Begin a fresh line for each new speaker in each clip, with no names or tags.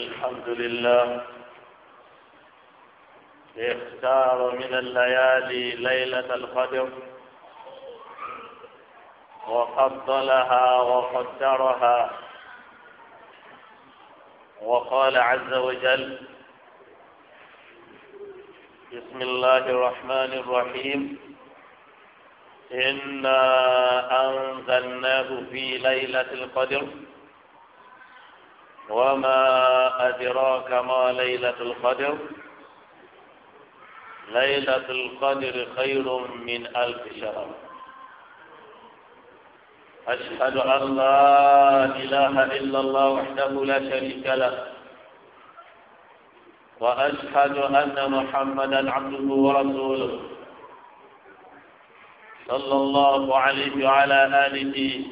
الحمد لله اختار من الليالي ليلة القدر وفضلها وقدرها وقال عز وجل بسم الله الرحمن الرحيم إنا أنزلناه في ليلة القدر وما أدراك ما ليلة القدر ليلة القدر خير من ألف شهر أشهد أن لا إله إلا الله وحده لا شريك له وأشهد أن محمدا عبده ورسوله صلى الله عليه وعلى آله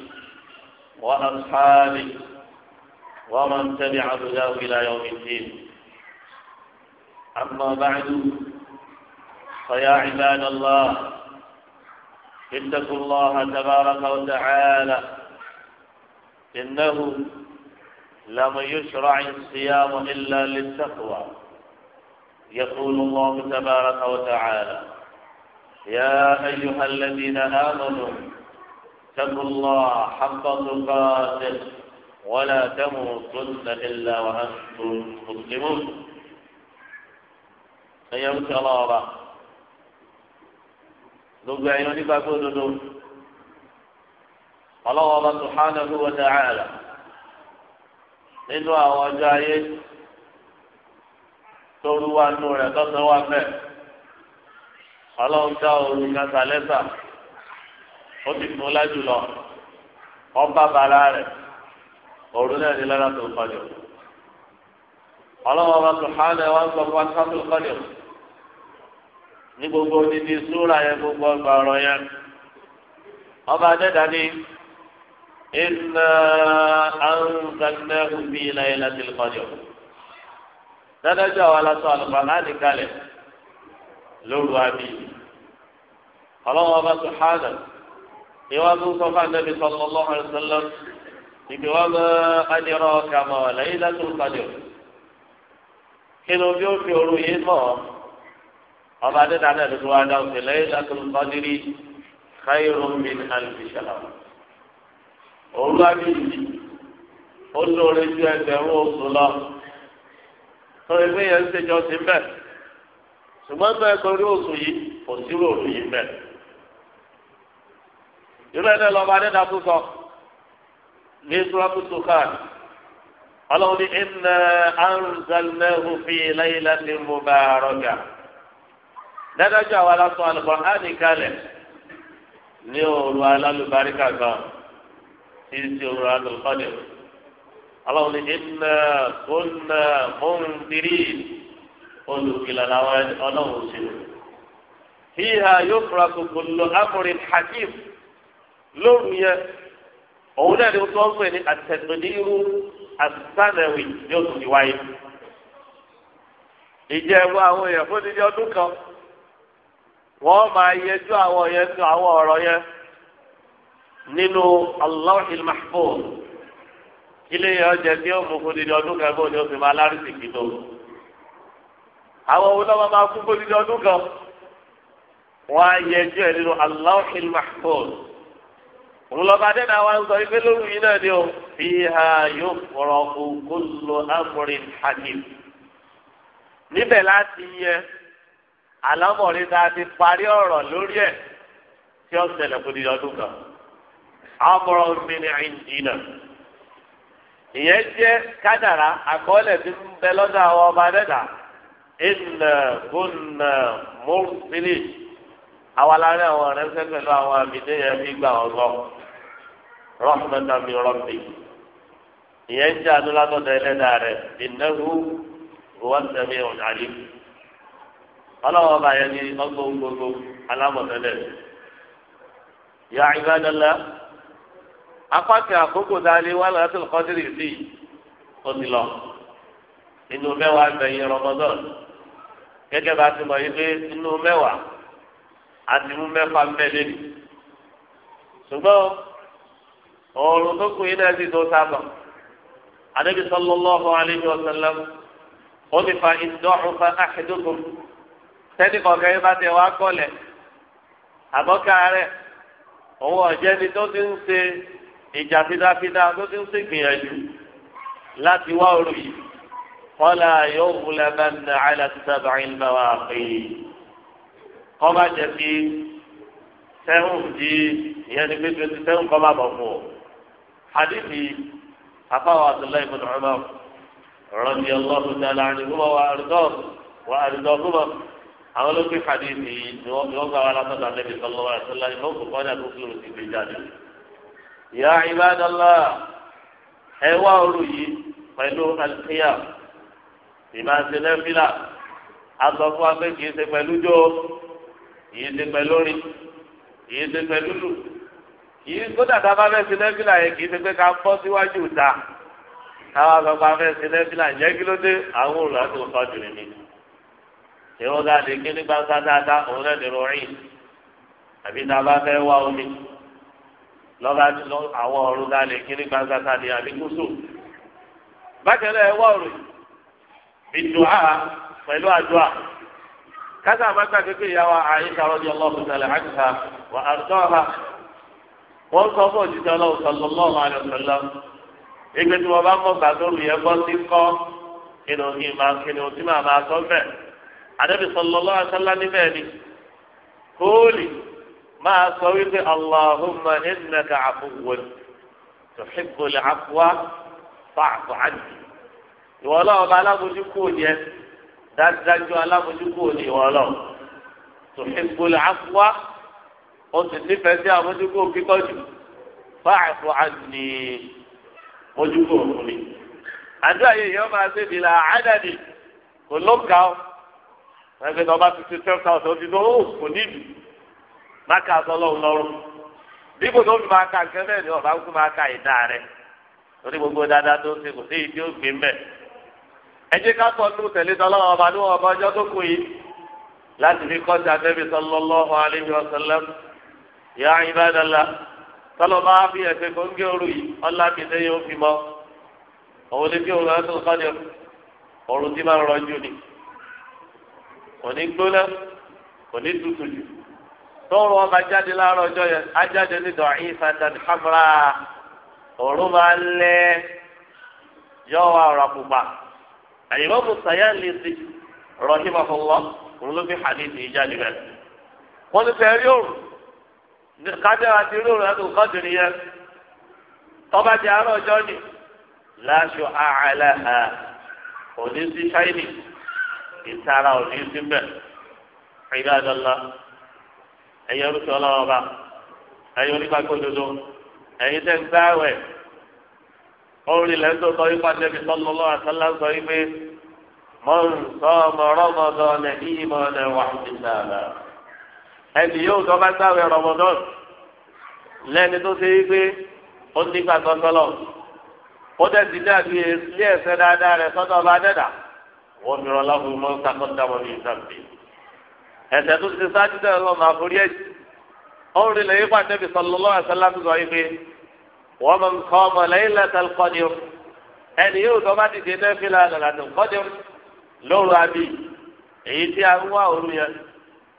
وأصحابه ومن تبع هداه إلى يوم الدين أما بعد فيا عباد الله اتقوا الله تبارك وتعالى إنه لم يشرع الصيام إلا للتقوى يقول الله تبارك وتعالى يا أيها الذين آمنوا اتقوا الله حق تقاته ولا تموتن إلا وأنتم مسلمون ẹ̀yẹ́ ń tẹ ọlọ́ọ̀ba gbogbo ẹ̀yin onígbàgbọ́ òdodo ọlọ́wọ́ba subhanahu wa ta'ala nínú àwọn ọjọ́ ayé tóru wa nù rẹ̀ tọ́sán wa fẹ́ ọlọ́run dá òru kásálẹ́sà ó ti fún lájùlọ ọba bàrà rẹ̀ ọ̀rọ̀ náà ní lára tó kọjọ ọlọ́wọ́ bá tó hánà wọn sọ fún akọ́ tó kọjọ ní gbogbo odidi súra yẹn gbogbo ọgbà ọ̀rọ̀ yẹn ọba adẹ́dá ni iná anzanna omi ìlàyé láti kọjọ dádájọ́ àwọn aláṣọ àlùkò aláàdì kalẹ̀ lóru àbí ọlọ́wọ́ bá tó hánà ìwádìí sọ fún anabi sọlọ́lọ́ àlùsọ́lọ́sọ́ ibi wọn bẹ adirọ kama lẹ́yìn lẹtọ kọjọ kínú bí ó fi òru yìí mọ ọba dídá náà ló tó wá dáhùn sí lẹ́yìn lẹtọ kọjọrí khairun min alfi shahr òru abiyí ó lóore ju ẹgbẹ̀rún oṣù lọ tó ẹgbẹ́ yẹn ń ṣèjọ sí mbẹ ṣùgbọ́n bẹ́ẹ̀ torí oṣù yìí kò sí òru yìí mbẹ ìrẹ́lẹ̀ lọ́ba dídá tó sọ ní sọ́kù tó kàn ọlọ́run ní inna anzalnahu fi laylatin mubarakah dájọ́jọ́ àwa lásán al-Qur'ani kalẹ̀ ní òru alálùbáríkà kan tí í ṣe òru alùpàdé aláwọn ìnà kónà mọ́nbírì olùkìlà làwọn ọlọ́run òṣèlú. fíhà yóò fura kòkòlò amúrin hakim lóru yẹn òun náà ni wọ́n tó ń pè ní àtẹ̀gbẹ̀dìrú àtànẹ̀wì ní oṣù tí wáyé. ìjẹ́ ẹ̀wọ́ àwọn èèyàn fún ọdún kan wọ́n máa yẹjú àwọn yẹn tó àwọn ọ̀rọ̀ yẹn nínú Allahil Mahfuz ilé yẹn ọjà tí ó mú fún ọdún kan bó ni ó máa lárúsì kí ụlọ àwọn òun máa kú fún ọdún kan wọ́n á yẹjú nínú olùlọ́ba adẹ́nà wa ń sọ ife lóru yìí náà ni o fi ha yóò fọ̀rọ̀ kó lo amúrin hakim níbẹ̀ láti yẹ alámọ̀rin tá a ti parí ọ̀rọ̀ lórí ẹ̀ tí ó ṣẹlẹ̀ kó di ọdún kan amọ̀rọ̀ mi ni àìjìnà ìyẹn jẹ́ kádàrá àkọọ́lẹ̀ tí ń bẹ lọ́dọ̀ àwọn ọba adẹ́nà ìnà gúnà mọ́rùn-ún àwọn alárẹ̀ àwọn ọ̀rẹ́ sẹ́gbẹ̀lú àwọn àmì déyẹ fi gbà ọgbọ́n rahmatan min rabbi ìyẹn ń jẹ́ adúlátọ́dọ̀ ẹlẹ́dàá rẹ̀ innahu huwa as-sami'ul 'alim ọlọ́wọ́ bá yẹn ní ọgbọ́n gbogbo alámọ̀tẹ́lẹ̀ ya ibadallah apákẹ́ àkókò dálé wà lásìkò kọ́dírì sí ó ti lọ inú mẹ́wàá gbẹ̀yìn rọmọdọ́n gẹ́gẹ́ bá ti mọ̀ yìí pé inú mẹ́wàá àti mú mẹ́fà mẹ́lẹ́lì ṣùgbọ́n ọ̀run tó kù yín náà sì tó sábà anabi sallallahu alayhi wa sallam ó ti fa ìdọ́rùn fa àṣẹdógún sẹ́ni kọ̀ọ̀kan yín bá tẹ wá kọ́lẹ̀ àbọ̀ká rẹ̀ òun ọ̀jẹ́ ni tó ti ń ṣe ìjà fidafida tó ti ń ṣe gbìyànjú láti wá òru yìí kọ́lá yóò wúlẹ̀ bá ń àìlà ti sábà ń bá wa pè kọ́ bá jẹ́ kí sẹ́hùn di ìyẹn ni pé twenty seven kọ́ bá bọ̀ fún ọ. حديث عفاوة عبد الله بن عمر رضي الله تعالى عنهما وأرضاه وأرضاهما أقول في حديثه يوم على قدر النبي صلى الله عليه وسلم يوم قال مسلم في بجانب يا عباد الله هوا òru yìí pẹ̀lú alkiya ìmọ̀ àtẹlẹ́ fìlà azọ fún wa pé kì í ṣe pẹ̀lú jó kì í ṣe yi í kódà tá a bá fẹ́ ṣe lẹ́fìlà yẹn kìí ṣe pé ká bọ́ síwájú ta fẹ́ ṣe lẹ́fìlà yẹn kí ló dé àwọn olùrà tó sọ jù ní. èrò ní dáadáa òun àbí tá a bá fẹ́ wá omi lọ́ba àwọn ọ̀run dáadé kí ní gbàgbá dáadé àbí gúúsù. bákan náà wọ́n sọ fún òjijì ọlọ́run sallallahu alaihi wasallam ìgbé tí wọ́n bá mọ̀ gbàdúrù yẹn bọ́ sí kọ́ inú ìmọ̀ akínú tí màá máa sọ bẹ́ẹ̀ àdébí sallallahu alaihi wasallam níbẹ̀ ni kóòlì máa sọ wípé allahumma innaka afuwwun tuhibbul afwa fa'fu anni ìwọ ọlọ́run bá alábòjú kò yẹ dájúdájú alábòjú kò ní ìwọ ọlọ́run tuhibbul afwa ó sì nífẹ̀ẹ́ sí àmójúkú kíkọ́jú fáàfù àdìní mójúkú òfin mi. àdúrà yìí yóò máa ṣe ìlà àádàdì kò ló ga ọ ẹgbẹ́ tó bá ti ṣe twelve thousand ó ti tó ó kò níbi má kà sọ lọ́run lọ́rùn bí kò tó fi máa ka nǹkan bẹ́ẹ̀ ni ọ̀bá kú máa ka ìdá rẹ̀ torí gbogbo dáadáa tó ṣe kò sí ìdí ògbé mẹ́ ẹ jẹ́ ká sọ nù tẹ̀lé tọ́lọ́wọ́ ọba ní ọba ya ibadallah tọ́lọ̀ máa fi ẹ̀sẹ̀ kóńgé òru yìí ọ̀la kìíní fi mọ́ O ni kí òru ẹ̀sùn kọ́ni òru tí máa ń rọjú ni kò ní gbóná kò ní tutù ọba jáde láàárọ̀ ọjọ́ yẹn ajáde ní dọ̀ọ́yì fatan hamra òru máa ń lẹ́ kájọ́ àti rúurú ẹ̀dùn kọ́dùnrin yẹn tọ́ba jẹ́ àárọ̀ ọjọ́ ni láṣọ àhàlà ha òní sí ṣáínì ìtara òní sí mbẹ ìdádọ́lá ẹ̀yẹ orúkọ ọlọ́wọ́ba ẹ̀yẹ onígbàgbọ́dodo ẹ̀yẹ tẹ̀ ń gbáwẹ̀ orí lẹ́tọ́ sọ yípa tẹ̀mí sọlọ́lọ́ àtàlà sọ yí mọ̀ ń sọ ọmọ rọ́mọdọ́ nẹ̀ ìyí mọ̀ nẹ̀ wà ní sàlà ẹni yóò tọ́ bá sáwẹ̀ rọmọdọ́n lẹ́ni tó ṣe wípé ó ti gbà tọ́tọ́lọ́ ó tẹ̀sí dàbí ilé e- ẹ̀sẹ̀ dáadáa rẹ̀ sọ́dọ̀ ọba dẹ́dà wọ́n mi rọ láwùjọ mọ́ sákọ́ńdàmọ́ ní ìsàmì ẹ̀sẹ̀ tó ṣe sáájú dẹ́rẹ́ lọ́ máa forí ẹ̀ ó rí lẹ́yìn pa Ànábì sallallahu alaihi wasallam sọ wípé wọ́n mọ̀ nǹkan ọmọ lẹ́yìn lẹ́tàl kọ́dìr ẹni yóò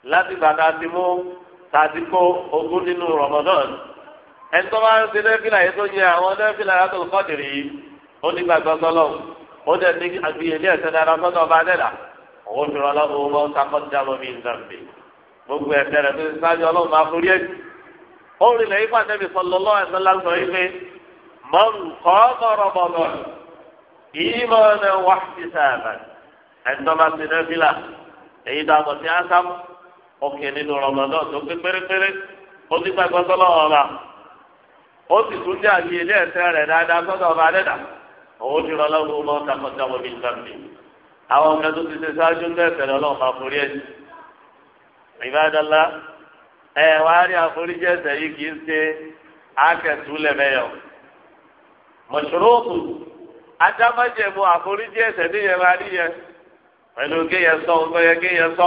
láti gbàdá ti mú tàbí kó ogún nínú rọmọdán ẹni tó máa ń ṣe nẹ́fìlà yìí tó yẹ àwọn nẹ́fìlà yàtọ̀ kọ́dìrì yìí ó ní gbàgbọ́ sọ́lọ́ ó dẹ̀ ní àgbìyànjú ẹ̀sẹ̀ dára sọ́dọ̀ ọba dẹ́dà òun fi rọlọ́ owó wọn sakọ́jà lọ bí nzàmbé gbogbo ẹ̀sẹ̀ rẹ̀ tó sáájú ọlọ́run máa forí ẹ̀ ó rí lẹ́yìn pàṣẹ mi ẹ̀sẹ̀ lásán ọkẹ nínú rọmọdán tó pé pérépéré ó ti gbàgbọ́ sọ́lọ́wọ́ ọba ó sì tún dé àyè ilé ẹ̀sẹ̀ rẹ̀ dáadáa sọ́dọ̀ ọba adẹ́dà òun ti rọ lọ́wọ́ ọmọ takọ̀tàwọ̀ mi gbàgbé àwọn ọ̀gá tó ti ṣe ṣáájú ní ẹ̀sẹ̀ lọ́wọ́ ọba forí ẹ̀ ìbádọ́lá ẹ̀ wá rí àforíjì ẹ̀sẹ̀ yìí kì í ṣe ákẹ́túlẹ̀ mẹ́yọ̀ mọ̀ṣúrọ́ọ̀tù adámájẹ̀mú àforíjì ẹ̀sẹ̀ níyẹn máa níyẹn pẹ̀lú kéèyàn sọ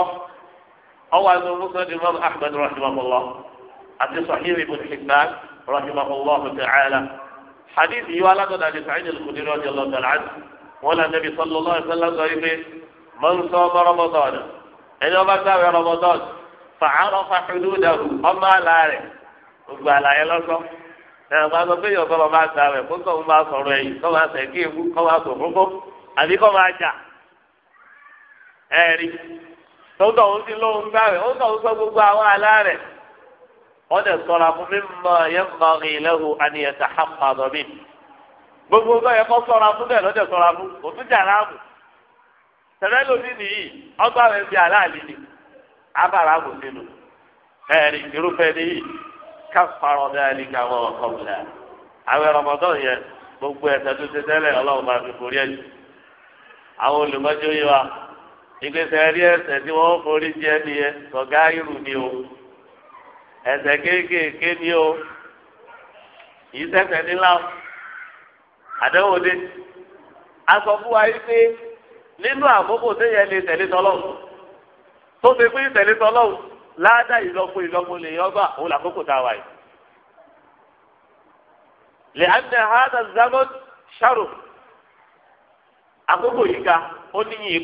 ọwọ́ àti musnad imam ahmed rahimahullah àti sahih ibn hibban rahimahullah ta'ala hadith yìí wà látọ̀dọ̀ àti sa'id al-khudri radiyallahu ta'ala anhu wọn là nabi sallallahu alayhi wa sallam sọ ife man sama ramadan ẹni ọba sáwẹ ramadan fàárọ̀ fàḥududahu ọmọ àlàrẹ̀ gbogbo àlàyé lọ́sọ̀ ẹ̀rọ máa sọ pé yóò kọ́ máa ta rẹ̀ kó kọ́ máa sọ̀rọ̀ ẹ̀yìn kọ́ máa sẹ̀ kí ewu kọ́ máa sọ fúnfún àbí kọ́ máa jà ẹ̀rí tọ́tọ̀ òun ti lóun gbá rẹ̀ òun tọ̀ gbọ́ gbogbo àwọn àlá rẹ̀ wọ́n dẹ̀ sọ̀rọ̀ fún mi mọ̀ yẹn mọ̀ ìlẹ́hu ete hàmàdọ̀ mi gbogbo gbọ́ yẹn kọ́ sọ̀rọ̀ fún bẹ́ẹ̀ lọ́dẹ̀ sọ̀rọ̀ fún òtún jà láàmù tẹ̀lé lómi nìyí ọgbà rẹ̀ fi àlá àlìlì abàrà àmù sínú ẹ̀rì irúfẹ́ nìyí bẹ́ẹ̀ àwọn ìgbésẹ̀ rí ẹsẹ̀ tí wọ́n forí jẹ́ ni ẹ sọ̀gá ni o ẹsẹ̀ kéékèèké ni o yìí sẹ́sẹ̀ nílá o àdéhùn dé aṣọ fún wa yìí pé nínú àkókò téèyàn lè tẹ̀lé tọ́lọ́wù tó ti pín tẹ̀lé tọ́lọ́wù láàdá ìlọ́po ìlọ́po lè yọ òun làkókò tá a wà yìí. lè á àkókò yìí ga ó níyìn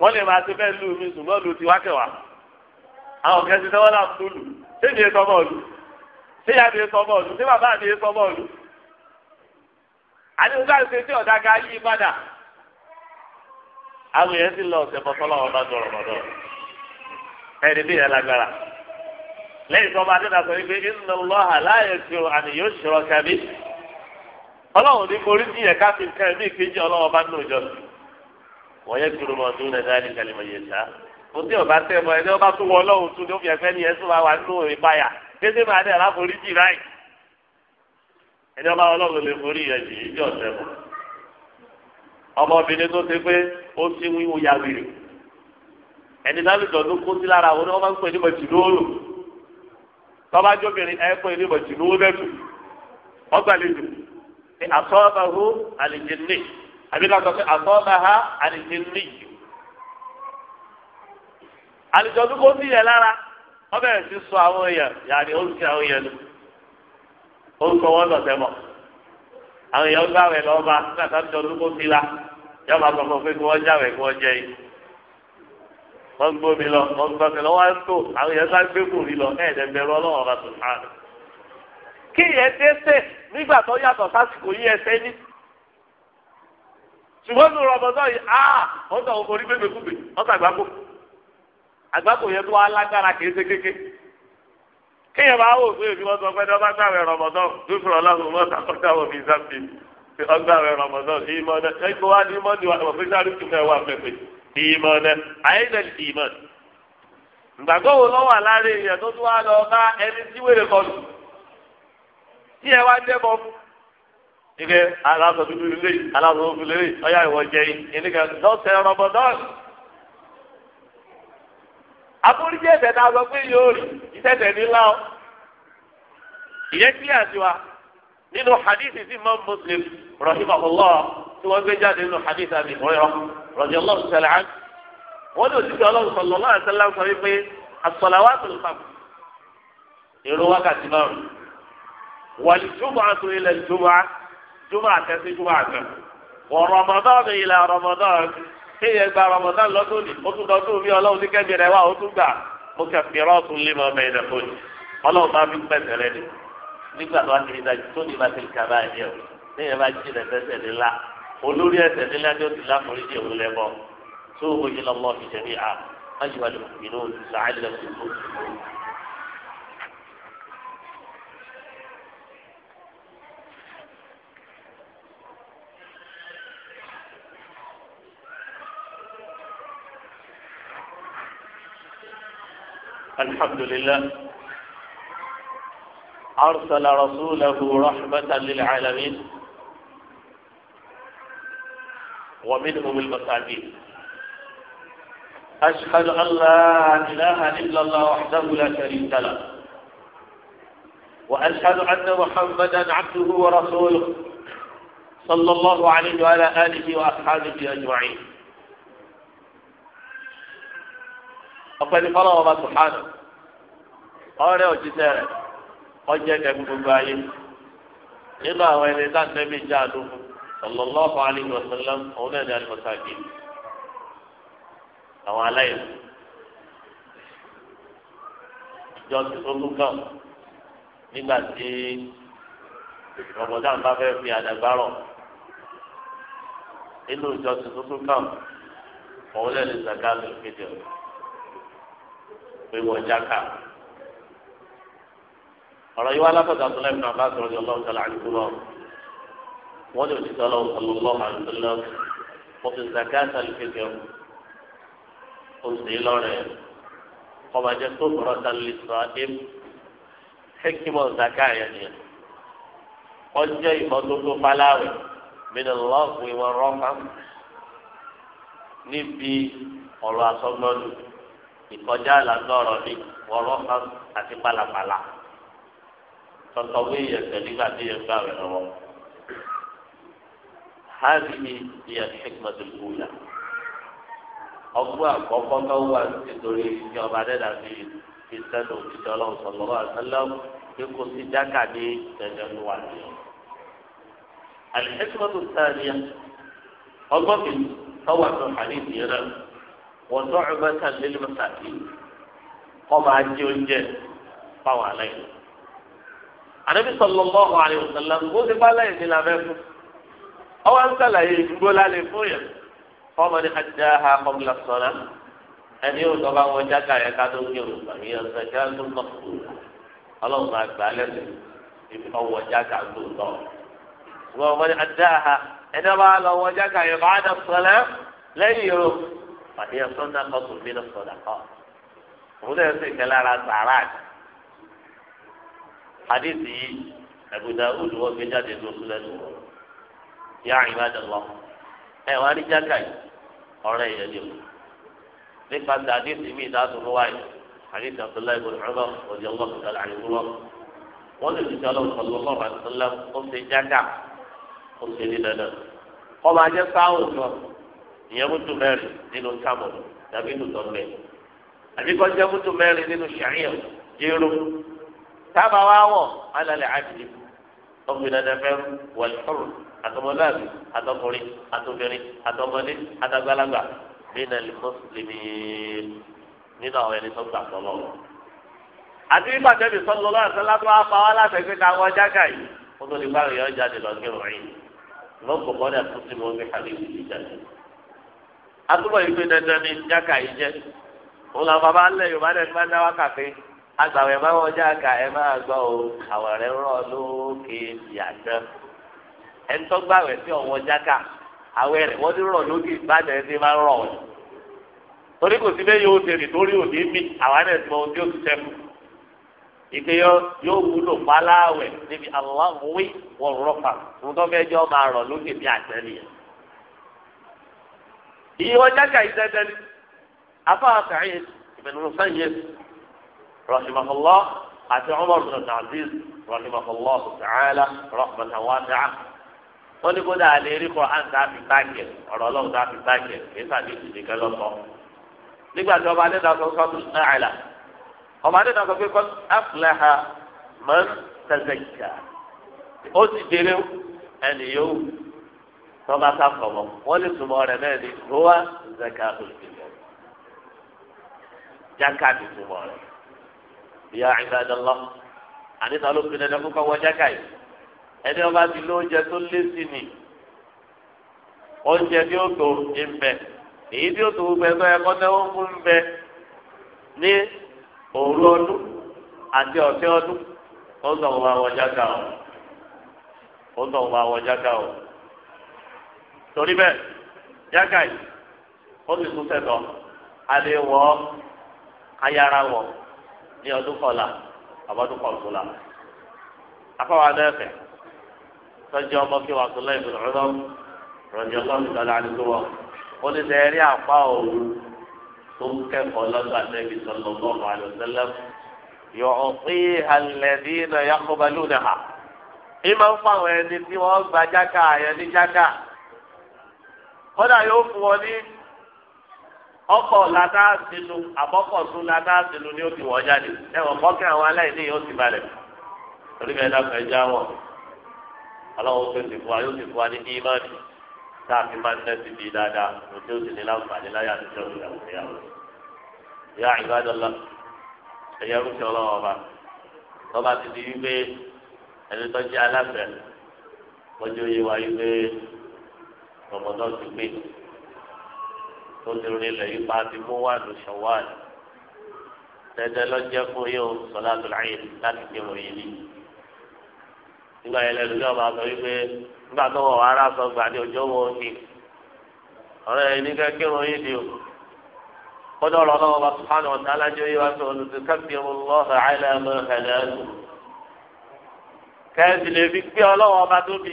wọ́n lè máa ṣe bẹ́ẹ̀ lù mí ṣùgbọ́n lù ti àwọn kẹ́ ti sẹ́wọ́n láàmú lù ṣé mi sọ bọ́ọ̀lù ṣé ya mi sọ bọ́ọ̀lù ṣé bàbá mi sọ bọ́ọ̀lù. àti nígbà tí ṣe ọ̀dà ga yí padà àwọn èèyàn ti lọ ọ̀sẹ̀ bọ́sọ́lá wọn bá dọ̀rọ̀ mọ́dọ̀ ẹni bí yẹn lágbára lẹ́yìn tó máa sọ wípé inna Allaha la yaghfiru an yushraka bihi ọlọ́run ní wọ́n yẹ kúrò mọ́ ọdún náà dáadé kalẹ̀ mọ́ yẹn sá. mo tí ọba tẹ mọ ẹni ọba tó wọ ọlọ́run tún ní ó fi ẹgbẹ́ ni ẹ̀sùn wa wà nínú ìpayà kéde máa dẹ̀ aláforí jì ráì. ẹni ọba ọlọ́run lè forí yẹn jì í jẹ́ ọ̀sẹ̀ mọ́. ọmọbìnrin tó ti pé ó ti wíwú ya wìrì. ẹni lálùjọ tó kó sí lára wọn ni wọ́n máa ń pè ní mọ̀tì lóòrò. tọ́ba jóbìnrin ẹ pè ní mọ̀tì lówó bẹ́ẹ̀ àbí ká sọ pé àtọ́ba ha àdìsẹ́rì yìí àlùjọ tó kó sílẹ̀ lára wọ́n bẹ̀rẹ̀ sí sọ àwọn èèyàn yàrá oríṣi àwọn èèyàn lò ó ń sọ wọ́n lọ̀tẹ̀ mọ́ àwọn èèyàn gbà wẹ̀ lọ́ba nígbà tó àlùjọ tó kó sí la yóò máa sọ fún pé kí wọ́n jáwèé kí wọ́n jẹ yìí wọ́n gbómi lọ wọ́n gbọ́mi lọ wọ́n tó àwọn èèyàn sá gbé kùrì lọ ẹ̀ẹ́dẹ̀gbẹ̀rún ọlọ́wọ́ bá tó sáré kí yẹn dẹ́sẹ̀ nígbà tó yàtọ̀ sásìkò yí ẹsẹ̀ ní ṣùgbọ́n ní rọ̀bọ̀dọ̀ yìí a ah, wọ́n sọ orí gbẹgbẹgbẹ wọ́n sọ àgbákò àgbákò yẹn tó wá lágbára kìí ṣe kéke kéèyàn bá wò pé èmi wọ́n sọ pé ní ọba gbàwé rọ̀bọ̀dọ̀ lóṣù ọlọ́run mọ́ sàkọ́jà wọ̀ mí sáfì pé ọgbàwé rọ̀bọ̀dọ̀ ìmọ̀nẹ ẹgbẹ́ wa ní mọ́ni wa wọ́n fi sáré pẹ̀pẹ̀ ìmọ̀nẹ àyẹ̀dẹ̀ ìmọ̀n ìgbàgbọ́ wo lọ́wọ́ àlárẹ̀ yẹn tó tún wá lọ bá ẹni tí wèrè kọlù tí ẹ wá dẹ́bọ̀ fún ike aláṣọ dúdú lélẹ̀ aláṣọ òfin lélẹ̀ ọyá ìwọ jẹ ìníkẹ lọsẹ rọmọdán àforíjì ẹ̀ṣẹ̀ sọ pé yóò rí nílá o ìyẹn kílíà sí nínú hadithi sí mọ muslim rahimahullah tí wọn gbé jáde nínú hadithi àbí ìfọyọ radiyallahu ta'ala anhu wọn ní òsìsì Ọlọ́run sallallahu alaihi wasallam sọ wípé as-salawatul khams èrò wákàtí márùn wal jumu'atu ila júmọ̀ àtẹ́sí júmọ̀ àtẹ́ wọ rọmọdán ìlà rọmọdán kéèyàn gba rọmọdán lọ́dún ní o tún lọ́dún bí ọlọ́run ní kẹ́mi rẹ̀ wá o tún gbà mo kẹ́ fi rọ́ọ̀tún lé mọ́ mẹ́rin ẹ̀kọ́ yìí ọlọ́run bá fi pẹ̀sẹ̀ rẹ ni nígbà tó wá ti rí dájú tó ní bá ti rí kaba ẹ̀ díẹ̀ o kéèyàn bá jí rẹ̀ sẹ́sẹ̀ nílá olórí ẹsẹ̀ nílá ni ó ti láforíjì òun lẹ́bọ̀ tó o yẹ lọ́mọ́ fi jẹ̀mí à الحمد لله أرسل رسوله رحمة للعالمين ومنهم المساكين أشهد أن لا إله إلا الله وحده لا شريك له وأشهد أن محمدا عبده ورسوله صلى الله عليه وعلى آله وأصحابه أجمعين ọpẹ́ ní fọlọ́wọ́ bá sùhánù ọ̀rẹ́ òjíṣẹ́ rẹ̀ ọjẹ́ kẹ́kẹ́ gbogbo ayé nínú àwọn ẹni tá nẹ́bí jẹ́ àdúgbò sọlọ́lọ́ọ̀fọ̀ alìmọ̀sálám òun náà ní alìmọ̀sálàkì àwọn aláìní ìjọ tuntun kan nígbà tí rọ̀bọ̀dá bá fẹ́ fi àdàgbárọ̀ nínú ìjọ tuntun kan òun náà ní zakatul wíwọ jáka ọ̀rọ̀ yìí wá látọ̀dọ̀ àtúnlẹ̀ fún abá sọ̀rọ̀ yọ̀ lọ́wọ́ sọ̀rọ̀ àdúgbò lọ wọ́n lè ti sọ̀rọ̀ ọ̀lọ́lọ́ àdúgbò wọ́n fi zaka sàlù kékeré o sì lọ́rẹ̀ ọba jẹ́ tó bọ̀rọ̀ sàlù sọ ẹ́m hekima zaka yẹn ni ọjọ́ ìmọ́tótó paláwẹ̀ mìíràn lọ́ọ̀kùn ìwọ̀n rọ́ọ̀kan níbi ọ̀rọ̀ àsọgbọ́nù ìkọjá làgbọrọ mi wọrọ kan àti pàlàpàlà tọtọ wí yẹsẹ nígbà tí yẹn gbà rẹ lọ́wọ́. hàbìmí ìyá hikmatu kúlà ọgbọ́n àkọ́kọ́ tó wà nítorí ìyá ọba dẹ́dà fi ìsẹ́nu òjijì ọlọ́run sọ̀rọ̀ wà sẹ́lẹ̀ pé kò sí jákà ní ìtẹ̀jẹ̀nu wà ní. àlìhẹ́kìmọ́tò sáà ni ọgbọ́n kìí tọ́wọ́ àtọ̀ àní ìdíyẹ́ náà wọ́tọ́ ọ̀gbẹ́ta lélẹ́ mọ́tàkì kọ́ba ajé oúnjẹ fáwọn aláìní. àdébí sọlọ lọ́wọ́ àlẹ́ òsàlá ó ti bá láyé nílá bẹ́ẹ̀ fún. ọwọ́ ń sàlàyé ìdúró lálẹ́ fún yẹn fọ́ọ̀mù ní ajá ha kọ́mílà sọ̀rọ̀ ẹni yóò tọ́ bá wọn jáka ká tó ń gbé òrùka yìí ọ̀sẹ̀ kí wọ́n tó ń bọ̀ ọlọ́run máa gbà lẹ́sẹ̀ ibi ọwọ́ jáka lóòótọ́. wọ́n mọ̀ ní ajá ha ẹni wọ́n lọ pàdé sọ́dà kọ́tù mílò sọ́dà kọ́ òun náà sì kẹ́ lára sàrà àti àdìsí àgùdà olùwọ́ gbé jáde tó sílẹ̀ tó wọ̀ yá àyìnbá dẹ̀ lọ ẹ wá ní jákà yìí ọ̀rẹ́ yẹn ni o nípa ti àdìsí mi ìdá tó wáyé àdìsí Abdullahi ibn Umar òdi ọlọ́ọ̀ tó dàlẹ́ wọ́n lè dùn sọ́lọ́ sọ́lọ́ àti sọ́lọ́ ó ṣe jákà ó ṣe ní dandan sáwọn ìjọ ìyẹn mútu mẹ́rin nínú kámọ̀ tàbí nínú tọ́lẹ̀ àbíkọ́ jẹ́ mútu mẹ́rin nínú sàríyàn jéró tábà wá wọ̀ alálẹ̀ àbíyí ọ̀gbìn dandanfẹ́ wọ̀lẹ́fọ́rù àtọmọdáàbí àtọkùnrin àtọbìnrin àtọmọdé àtàgbàlagbà nínú ẹni mùsùlùmí nínú àwọn ẹni tó gbà sọlọ. àti nígbà tẹ́lẹ̀ sọ́lọ́ lọ́wọ́ àtàlá tó wá pa wá látẹ̀gbẹ́ ká wọ́n jágà yìí wọ́n tó lè bá rẹ̀ yọ jáde lọ́gẹ́rùn-ún yìí lọ́kọ̀ọ́kọ́ dẹ̀ tó ti atúbọ̀ yìí pé dandan ni jáka yìí jẹ́ òun làwọn bàbá alẹ́ yorùbá dẹ̀ máa ń dá wákà pé agbàwọ̀ ẹ̀ máa wọ jáka ẹ̀ máa gbọ́ o àwọn rẹ̀ rọ̀ lókè ìyàtọ̀ ẹ̀ ń tọ́gbàwẹ̀ sí ọ̀wọ́ jáka àwẹ̀ rẹ̀ wọ́n ti rọ̀ lókè ìbàdàn ẹ̀ ti máa rọ̀ ọ̀ torí kò sí bẹ́ẹ̀ yóò tẹ̀lé torí òní mi àwa náà ti mọ ohun tí ó ti sẹ́kù ike yóò wúlò paláwẹ̀ níbi àwọn wí wọ̀n iye ọjà kà yí dandan ni afáà sàáyé ìbẹ̀rù sàáyé rahimahullah àti umar bin abdulaziz rahimahullah ta'ala rahmatan wasi'a wọ́n ní kódà àlè rí quran tá a fi báàkì ọ̀rọ̀ ọlọ́run tá a fi báàkì kì í sàdé ìdìgẹ́ lọ́sọ̀ nígbà tí ọba adé dàgbà sọ́ọ́ tó sùn àìlà ọba adé dàgbà pé kọ́ aflaha man tazakka ó sì déré ẹnì tọ́ba sá kọ̀mọ́ wọ́n lè túmọ̀ rẹ̀ náà ní rúwá zaka olùdíje jaka ti túmọ̀ rẹ̀ ya ibadallah àníta ló pinnu ẹ̀dá kókó wọ́n jaka yìí ẹni ọba ti lé oúnjẹ tó lé sí ni oúnjẹ tí ó tó ń bẹ èyí tí ó tó gbẹ tó ẹkọ tẹ́wọ́ fún ń bẹ ní òru ọdún àti ọ̀sẹ̀ ọdún ó sọ̀rọ̀ wá wọ jaka o ó sọ̀rọ̀ wá wọ jaka o torí bẹ́ẹ̀ yága yìí ó sì tún sẹ̀tọ̀ alẹ́ wọ́ ayára wọ̀ ní ọdún kọlá àbọ̀dún kọ̀ọ̀tùlà afọwọ́ adẹ́fẹ̀ tọ́jú ọmọ kí wàá tó lẹ́yìn ìbùdó ọ̀dọ́ rọ̀jò lọ́ọ̀dún tọ́lá àdúgbò wọn ó ní sẹ́ẹ̀rí àpá òru tó ń kẹ́kọ̀ọ́ lọ́dọ̀ àtẹ́bí sọ̀lọ́ bọ́ọ̀mù àlùsẹ́lẹ̀ yọ̀ọ̀pẹ́ alẹ́bí náà yàkọ́balú náà ìmọ̀ fún àwọn ẹni tí wọ́n gba jáka àyẹ̀ ní kódà yóò fún wọn ní ọkọ̀ ládàásìlú àbọ̀kọ̀tún ládàásìlú ni ó ti wọ́n jáde ẹ̀wọ̀n kọ́kẹ́ àwọn aláìní yóò ti balẹ̀ torí bẹ́ẹ̀ dákun ẹja wọn ọlọ́run tó ti fún wa yóò ti fún wa ní ímánì tá a fi máa ń tẹ́sí bíi dáadáa ló tí ó sì ní láǹfààní láyé àtijọ́ tó yàwó ìyàwó ìyá ìbádọ́lá ẹ̀yẹ rúṣẹ́ ọlọ́run ọba tọ́ba ti di wípé ẹni tó jẹ́ aláfẹ́ mọ́jú oyè wa wípé rọmọdán ti gbé tó ti rí lẹ yípa ti mú wà lù ṣọwọ́n tẹ́tẹ́ lọ́jẹ́ fún yóò sọlá tó láyé láti gbé wọ̀nyí ni nígbà yẹn lẹ́nu yóò máa sọ wípé nígbà tó wọ̀ ara sọ gbà ní ọjọ́ wọn ni ọ̀rẹ́ yẹn ní kẹ́kẹ́ wọ̀nyí ni o kọ́dọ̀ ọ̀rọ̀ ọlọ́wọ́ bá sùpánù ọ̀tá alájọ yìí wá sọ olùdókòwò lọ́hà àìlẹ́mọ̀ ẹ̀dá kẹ́ẹ̀sì lè fi gbé ọlọ́wọ́ ọba tóbi.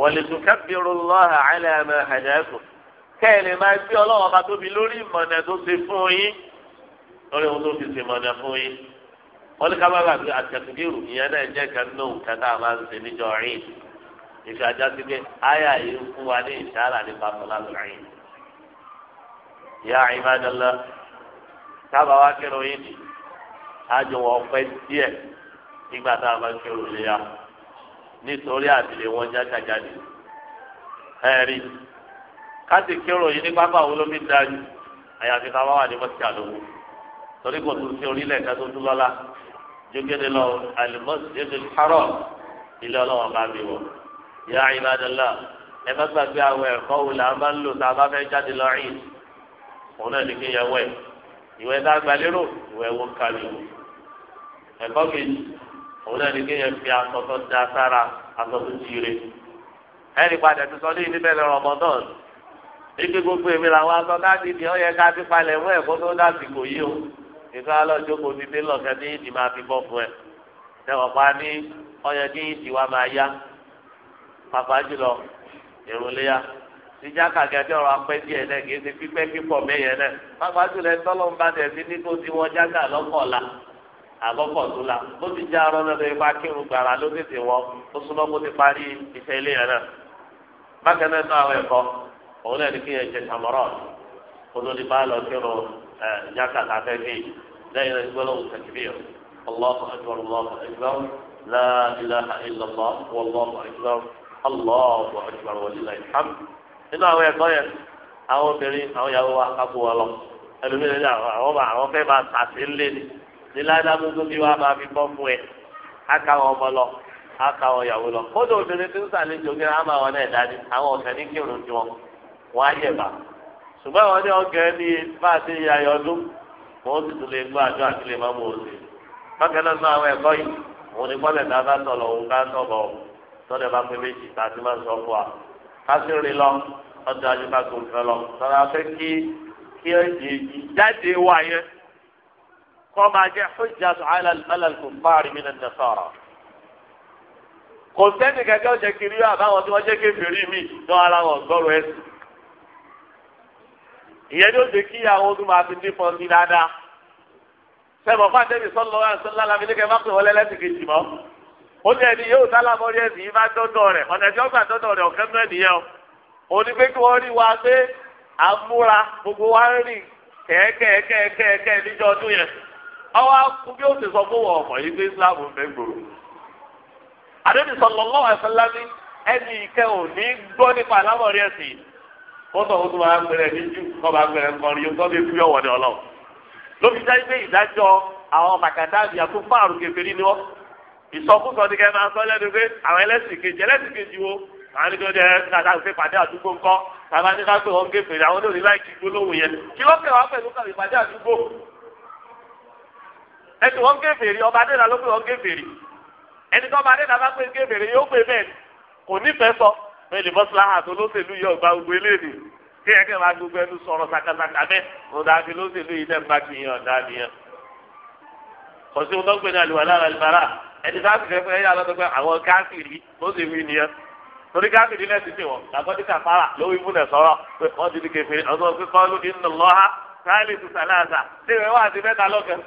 wọ̀lẹ́dùkẹ́bìrún lọ́hà àìlẹ́mẹ̀ ẹ̀dẹ́kù kẹ́lẹ́ máa gbé ọlọ́wọ́ bá tóbi lórí ìmọ̀nà tó ṣe fún yín lórí ohun tó fi ṣe ìmọ̀nà fún yín wọ́n ní ká má gbàgbé àtẹ̀kùdírù ìyẹn náà jẹ́ kan náà nǹkan tá a máa ń ṣe níjọ rìn ìfẹ́ ajá sí pé àyà yìí ń fún wa ní ìṣáàlà nípa sọláṣọ rìn ìyá ìbádọ́lá sábà wá kírun yìí ni àjọwọ̀ ọ̀pẹ díẹ̀ nígbà tá a máa ń kírun léyà nítorí àtìlẹ wọn jákàjáde ẹẹrí káti kírun yìí ní pápá wo ló fi dájú àyàfi ká wá wà ní mọ́sí àlòwò torí kò tún sí orílẹ̀ ká tó tún lọ́la jókèdè lọ al-Masjid al ilé ọlọ́wọ́n bá mi wọ̀ ya ibadallah ẹ má gbàgbé àwọn ẹ̀kọ́ wo là máa ń lò tá a bá fẹ́ jáde lọ rìn òun náà ní kéèyàn wẹ̀ ìwẹ̀ tá a gbà lérò ìwẹ̀ wo ẹ̀kọ́ kejì. òun náà ní kéèyàn fi aṣọ tó da sára aṣọ tó jíire ẹnì padà ti sọ ní ìdíbẹ̀ lọ rọmọdán ike gbogbo èmi làwọn aṣọ káàdì ni ọ yẹ ká ti palẹ̀ mú tó dàbí kò yí o ìfẹ́ alọ́jọ́kọ̀ ti dé lọ́sẹ̀ ní ìdí máa fi bọ́ fún ẹ pa ní ọyẹ kí ìdí wa máa yá pàpà jùlọ èrò léyà kàkẹ́ tí ọ̀rọ̀ apẹ́ díẹ̀ náà kì í ṣe pípẹ́ náà pàpà jùlọ ẹ̀ àbọ̀pọ̀ tó la ó ti já arọ́ náà lórí pákínrún gbàrà ló tètè wọ ó súnmọ́ kó ti parí iṣẹ́ ilé yẹn náà bákan náà náà àwọn ẹ̀kọ́ òun náà ní kí yẹn jẹ sàmọ́rọ́ kó tó di bá lọ kírun ẹ̀ jákàtà fẹ́ẹ́ lẹ́yìn náà gbọ́dọ̀ tẹ̀síbíyà allahu akbar allahu akbar la ilaha illallah wallahu akbar allahu akbar walilayi alhamd nínú àwọn ẹ̀kọ́ yẹn àwọn obìnrin àwọn ìyàwó wa kápò wọn lọ ẹlòmíràn àwọn fẹ́ máa tàṣí ńlẹ́ ni ní ládàbò tó fi wá máa fi bọ́ fún ẹ akáwọn ọmọ lọ akáwọn ìyàwó lọ kódà obìnrin tó ń sàlejò kí wọn á máa wọn àwọn ọ̀sẹ̀ ní kírun tiwọn wọn á yẹ̀ bá ṣùgbọ́n àwọn ní ọ̀gẹ́ ní bá a wọn ó tún lè gbọ́ àjọ àti lè má mú òsè bákan sọ àwọn ẹ̀kọ́ yìí òun ni pọ́lẹ̀ tá bá sọ̀rọ̀ òun ká sọ̀bọ̀ tọ́lẹ̀ bá pé méjì tá ti máa sọ fún wa ká lọ ọjọ́ ajé bá gòkè lọ sọ̀rọ̀ kọ́ máa jẹ́ hujjatu ala alàlùkù fáàrí mi nàá nasara. kò sẹ́ni kẹ́kẹ́ ọ̀jẹ̀ kiri yóò àbáwọn tí wọ́n jẹ́ kéferì mi náà ara wọn gbọ́rọ̀ ẹ̀sìn. ìyẹn ló ṣe kí àwọn ọdún máa fi dín fún ọ dáadáa. sẹ́mọ̀ fún àtẹ́bí sọ́lọ́ àṣọlá làmì ní kẹ́ má pè wọ́n lẹ́lẹ́sìn kejì mọ́. ó ní ẹni yóò sálámọ́rí ẹ̀sìn yìí má dọ́dọ̀ rẹ̀ ọ̀nà ọwọ́ akú bí ó ti sọ fún wọn ọmọ yìí pé islam fẹ́ gbòòrò àdébí sallallahu alaihi wasallam ẹni ìkẹ́ ò ní gbọ́ nípa alámọ̀rí ẹ̀sìn wọ́n sọ fún tó máa ń gbẹrẹ ní jù kọ́ máa ń gbẹrẹ kọrin yóò tọ́ bí fi ọ̀wọ́ ní ọlọ́run ló fi dá pé ìdájọ́ àwọn bàkàtà àbí àtúfà àrùn kẹfẹ́rí ni wọ́n ìsọkúsọ ni kẹ́ máa sọ lẹ́nu pé àwọn ẹlẹ́sìn kejì ẹlẹ́sìn kejì wo àwọn ẹni tó dẹ kàtà ń fi pàdé àdúgbò ńkọ́ tàbí adé ká pé gé fèrè àwọn olórí láì kí gbólóhùn yẹn kí lọ́kẹ́ wàá pẹ̀lú kàwé pàdé àdúgbò ẹni wọn kèfèrí ọba adéla ló pé wọn kèfèrí ẹni tó ọba adéla bá pé kèfèrí yóò pé bẹ́ẹ̀ kò nífẹ̀ẹ́ sọ bẹ́ẹ̀ ni mọ́sálà àti olóṣèlú yọ ọgbà gbogbo eléyìí kí ẹ kẹ́ máa gbogbo ẹnu sọ̀rọ̀ sàkàsàkà bẹ́ẹ̀ mo dà bí olóṣèlú yìí dẹ́n bá ti yan ọ̀dà nìyẹn. kò sí wọn tó ń pè ní àlùwàlá àlùbárà ẹni tá a sì fẹ́ fẹ́ yà lọ́dọ̀ pé àwọn káfíìrì ó sì wí nìyẹn torí káfíìrì náà ti pè wọ́n làkọ́dí ló wí fún sọ̀rọ̀ pé wọ́n ti di kẹfìrì ọ̀dọ́ pé kọ́lù inna Allaha thalithu thalatha ṣé ìwé wà sí mẹ́ta lọ́kẹ́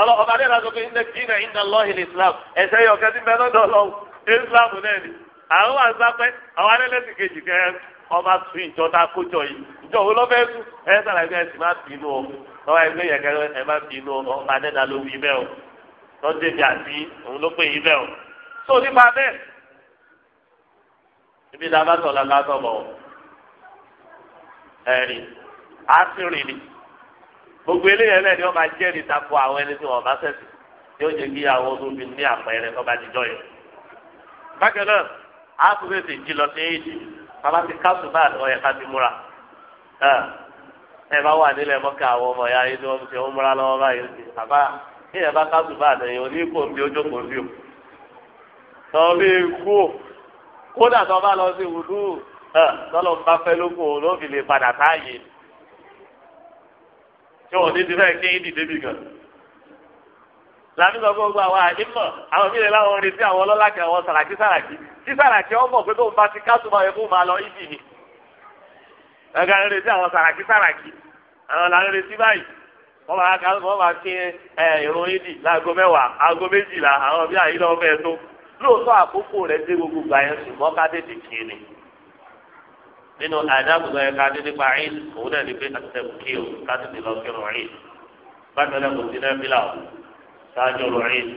ọba dẹ́ra sọ pé ilẹ̀ dínà iná lọ́hìn islam ẹ̀sẹ̀ yọ kẹ́sí bẹ́ẹ̀ lọ́dọ̀ lọ́wọ́ islam náà ni àwọn wà sápẹ́ àwọn alẹ́lẹ́sì kejì kẹ́ ọba tún ìjọ tá a kójọ yìí ìjọ wo lọ́fẹ́ tún ẹ sàlà ẹgbẹ́ ẹ̀sìn má bínú o lọ́wọ́ ẹgbẹ́ yẹn kẹ́ ẹ má bínú o ọba dẹ́ra ló wí bẹ́ẹ̀ o lọ́dẹ̀ bí àti òun gbogbo eléyìí náà ni wọn máa jẹ́ ìtakò àwọn ẹni tí wọn bá sẹ̀sì yóò jẹ́ kí àwọn olóbi ní àpẹẹrẹ tó bá ti jọ yẹn. bákan náà a tún fèsì jí lọ sí èyí bàbá ti káàtó bá àtọ yẹn ká ti múra ẹ bá wà nílẹ̀ mọ́kà àwọn ọmọ ya yìí tí wọ́n fi ń múra lọ́wọ́ báyìí ti bàbá kí ẹ bá káàtó bá àtọ yẹn oní kò ń bí ojú kò ń bí o. tọ́ bí kódà tó bá lọ sí wùdú tọ́lọ́ ń bá fẹ́ lóko ló lè padà táàyè tí wọn ò ní kí yín dìde bì gan. làmì sọ gbogbo àwọn àdìmọ̀ àwọn mílẹ̀ láwọn retí àwọn ọlọ́lá kan àwọn sàràkí sàràkí tí sàràkí ọmọ pé tóun bá ti kásùmọ̀ ẹ̀kú máa lọ ìdì ni. ẹ̀ka ń retí àwọn sàràkí sàràkí àwọn làwọn retí báyìí wọ́n máa ká wọ́n máa kí ìrun ìdì láago mẹ́wàá aago méjìlá àwọn bí àyílọ́ tó lóòótọ́ àkókò rẹ̀ dé gbogbo gbà yẹn sùn mọ́ tètè kí nínú àdáàbò ẹ̀ ká dé nípa ẹ̀yìn òun náà ní pé àtẹ̀kí o ká tètè lọ kí ọ̀rọ̀ ẹ̀yìn bákan náà kò sí náà bílà o ṣáájú ọ̀rọ̀ ẹ̀yìn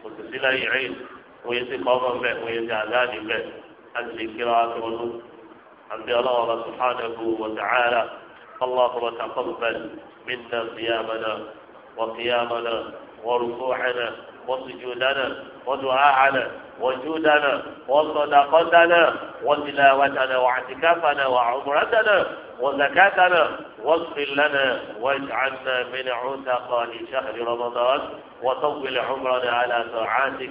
kò sì sí lẹ́yìn ẹ̀yìn òye sí kọ́kọ́ mbẹ́ òye sí àdáàdì mbẹ́ láti lè kíra wá tó ọdún àbí ọlọ́wọ́ bá subhanahu wa ta'ala allahumma taqabbal minna qiyamana wa qiyamana wa ruku'ana. وسجودنا ودعاءنا وجودنا وصدقتنا وتلاوتنا واعتكافنا وعمرتنا وزكاتنا واغفر لنا واجعلنا من عتقاء شهر رمضان وطول عمرنا على طاعاتك